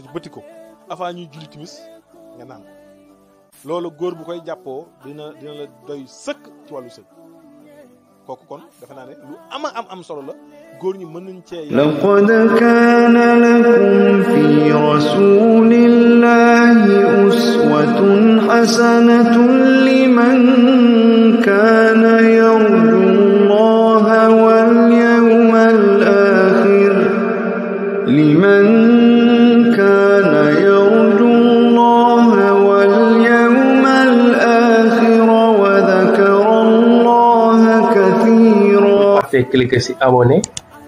nga ci bëtti ko avant ñuy julli timis nga nan lolu loolu bu koy jappo dina dina la doy sëkk ci walu sëkk kooku kon dafa na ne lu ama am am solo la góor ñu mën nañ cee laqad kana lakum fi rasulillahi uswatun hasanatun liman fee cliquer si abonné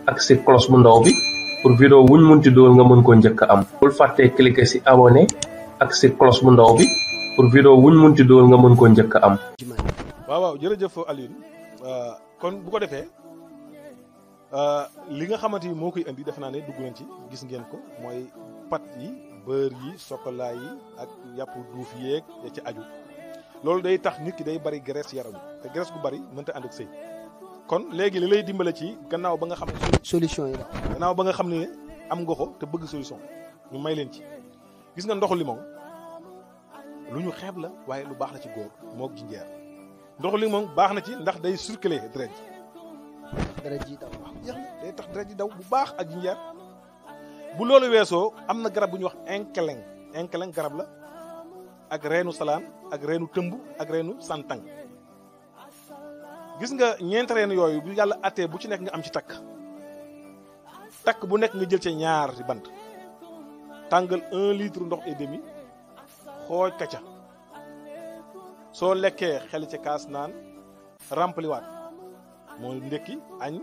ak si cloche bu ndaw bi pour vidéo wuñ munti dool nga mën ko njëkk am bul fàttee cliquer si abonné ak si cloche bu ndaw bi pour vidéo wuñ munti dool nga mën ko njëkk am waaw waaw jërëjëf Aline euh, kon bu ko defee Euh, li nga xamante ni moo koy indi defe naa ne dugg nañ ci gis ngeen ko mooy pat yi beurre yi chocolat yi ak yàpp duuf yeeg ya ci aju loolu day tax nit ki day bari graisse yaram te graisse gu bari mënta ànd ak sëy kon léegi li lay dimbale ci gannaaw ba nga xam ne. yi gannaaw ba nga xam ne am nga ko te bëgg solution ñu may leen ci gis nga ndoxu limon lu ñu xeeb la waaye lu baax la ci góor moog jinjeer ndoxu limon baax na ci ndax day circuler deret ji. ji jeex tax dara ji daw bu baax ak jinjeer bu loolu weesoo am na garab bu ñuy wax inkeleng inkeleng garab la ak reenu salaan ak reenu tëmb ak reenu santaŋ gis nga ñeenti reen yooyu bu yàlla attee bu ci nekk nga am ci takk takk bu nekk nga jël ci ñaar ci bant tàngal un litre ndox et demi xooj ka ca soo lekkee xel ci kaas naan rempli moo ndékki añ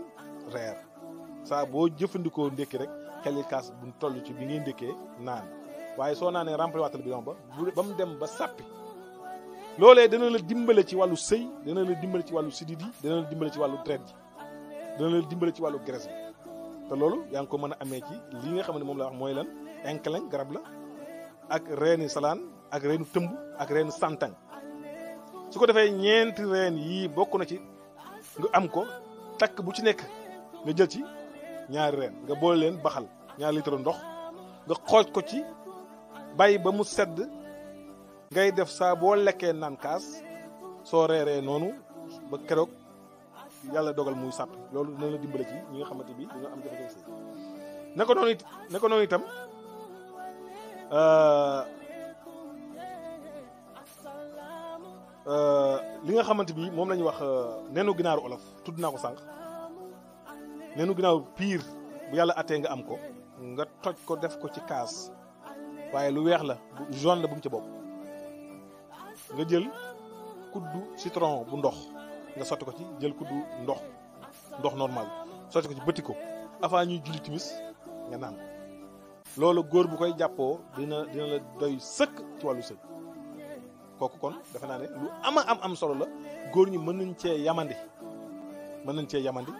reer saa boo jëfandikoo ndékki rek xelil kaas bu toll ci bi ngay ndékkee naan waaye soo naanee rempli waatal bidon ba ba mu dem ba sàppi loolee dana la dimbale ci wàllu sëy dana la dimbale ci wàllu sidid yi dana la dimbale ci wàllu dret ji dana la dimbale ci wàllu graisse bi te loolu yaa ngi ko mën a amee ci li nga xam ne moom la wax mooy lan inklañ garab la ak reeni salaan ak reenu tëmb ak reenu santan su ko defee ñeenti reen yii bokk na ci nga am ko takk bu ci nekk nga jël ci ñaari reen nga boole leen baxal ñaari litre ndox nga xooj ko ci bàyyi ba mu sedd ngay def saa boo lekkee naan kaas soo reeree noonu ba keroog yàlla dogal muy sàpp loolu dina la nga xamante bi dañoo am jafe-jafe sëy na noonu itam euh, euh, li nga xamante bi moom la ñuy wax euh, nenu ginaaru olof tudd naa ko sànq nenu ginnaaw pir, bu yalla até nga am ko nga toj ko def ko ci kaas waye lu weex la jaune la bu ci bop nga jël kuddu citron bu ndox nga sotti ko ci jël kuddu ndox ndox normal sotti ko ci bëtti ko avant ñuy julli timis nga nan lolu góor bu koy jappo dina dina la doy seuk ci walu seuk kooku kon dafa na lu ama am am solo la góor ñu mën nañ ci yamandi mën nañ ci yamandi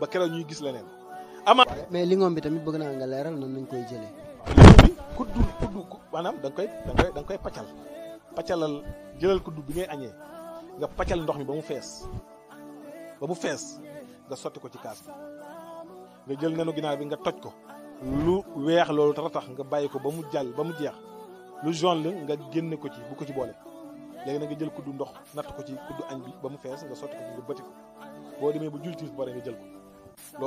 ba kéro ñuy gis leneen ama mais li ngoom bi tamit bëgg naa nga léral nan nañ koy jëlee bi kuddu kuddu manam dang koy dang koy dang koy paccal paccalal jëlal kuddu bi ngay añee nga paccal ndox mi ba mu fess ba mu fess nga soti ko ci kaas bi nga jël nenu ginaaw bi nga toj ko lu wéx lolu tara tax nga bayiko ba mu jall ba mu jeex lu jaune la nga génne ko ci bu ko ci bolé légui na nga jël kuddu ndox nat ko ci kuddu añ bi ba mu fess nga soti ko nga bëti ko bo démé bu julti ba nga jël ko C'est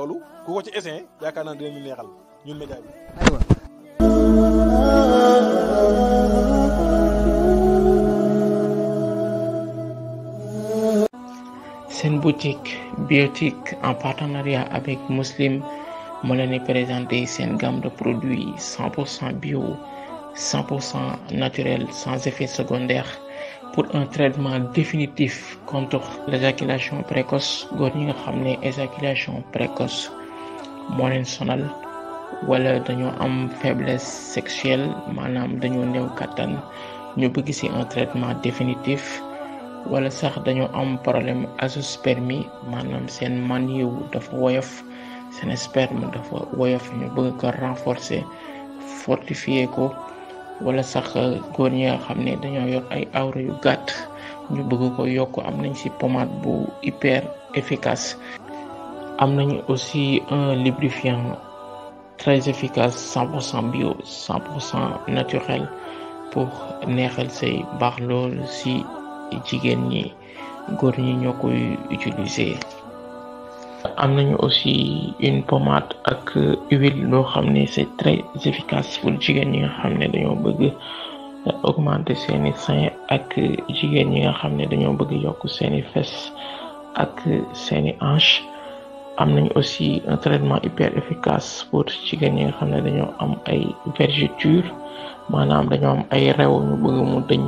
une boutique biotique en partenariat avec Muslim moo présenté une présenter gamme de produits 100 bio 100 naturel sans effet secondaire pour un traitement définitif contre l'éjaculation précoce góor ñi nga éjaculation précoce moo leen sonal wala dañoo am faiblesse sexuelle maanaam dañoo néew kàttan ñu bëgg ci un traitement définitif wala sax dañoo am problème azoospermie maanaam seen man de dafa woyof un sperme dafa woyof ñu bëgg ko renforcer fortifier ko wala sax euh, góor ñi nga xam ne dañoo yor ay awra yu gàtt ñu bëgg ko yokk am nañ si pommade bu hyper efficace am nañu aussi un lubrifiant très efficace 100% bio 100% naturel pour neexal say baax lool si jigéen ñi góor ñi ñoo am aussi une pommade ak huile loo xam ne c'est très efficace pour jigéen ñi nga xam ne dañoo bëgg euh, augmenter seeni sein ak jigéen ñi nga xam ne dañoo bëgg yokk fesses ak seeni hanches am aussi un traitement hyper efficace pour jigéen ñi nga xam ne dañoo am ay vergetures maanaam dañoo am ay rew ñu bëgg mu dañ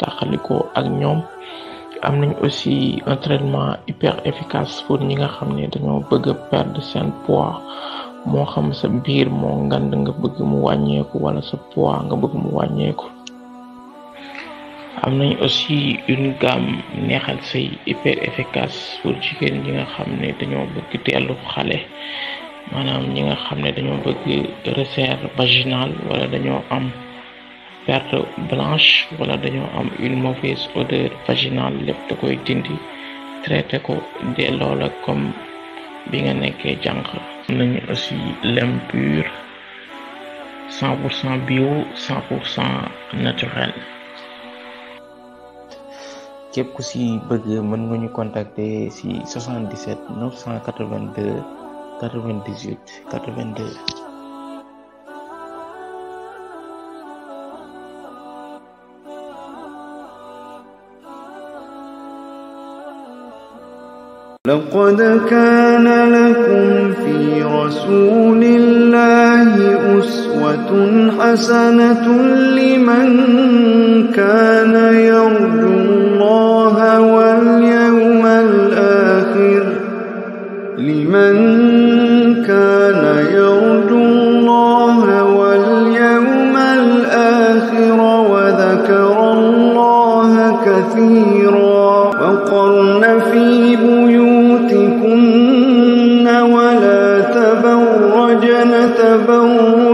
taxalikoo ak ñoom am nañ aussi un traitement hyper efficace pour ñi nga xamné ne dañoo bëgg perdre sen poids mo xam sa biir mo ngand nga bëgg mu wàññeeku wala sa poids nga bëgg mu wàññeeku am nañ aussi une gamme neexal say hyper efficace pour jigéen ñi nga xam ne dañoo bëgg teelu xale maanaam ñi nga xam ne dañoo bëgg réserve vaginale wala dañoo am perte blanche wala dañoo am une mauvaise odeur vaginale lépp da koy dindi traité ko de loola kom bi nga nekkee jànq nañu aussi lem pur cent pour cent bio cent naturel képp ku si bëgg mën nga ñu contacter si 77 982 98 82 لقد كان لكم في رسول الله أسوة حسنة لمن كان يرجو الله واليوم الآخر لمن خيرا وقرن في بيوتكن ولا تبرجن تبرجا